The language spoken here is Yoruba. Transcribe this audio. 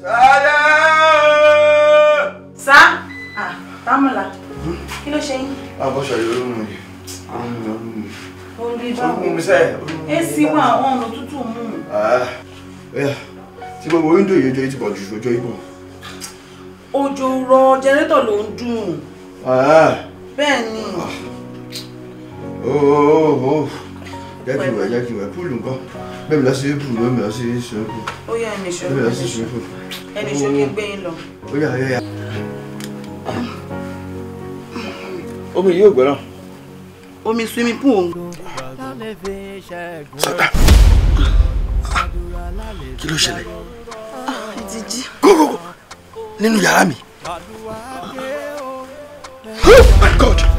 Sáré! Sá! Támọ̀lá, kí ló ṣe yín? Abọ́ṣọ yóò rún mi. Rún mi, rún mi. Orí bá wọn. Orúkún mi sẹ́. Èsì wà àwọn ọ̀nà tútù mú. Tí gbogbo wíńdò yìí ojú ti bọ̀ ju ojú ìbọn. rọ jẹnrétọ̀ ló ń dùn. Bẹ́ẹ̀ ah. Oh, oh, oh. oh jáde wẹ̀ jáde wẹ̀ púùlù nǹkan bẹ́ẹ̀ mi lọ oh púùlù bẹ́ẹ̀ mi lọ sí swimming pool. ó yá ẹnì ṣó bẹ́ẹ̀ mi lọ sí swimming pool. ẹnì ṣó kí n gbé yín lọ. ó yá ó yá. omi yóò gbẹ́ náà. omi swimming pool. sọta kí ló ṣẹlẹ̀. ìdíjí. kókó nínú yàrá mi. oh my god.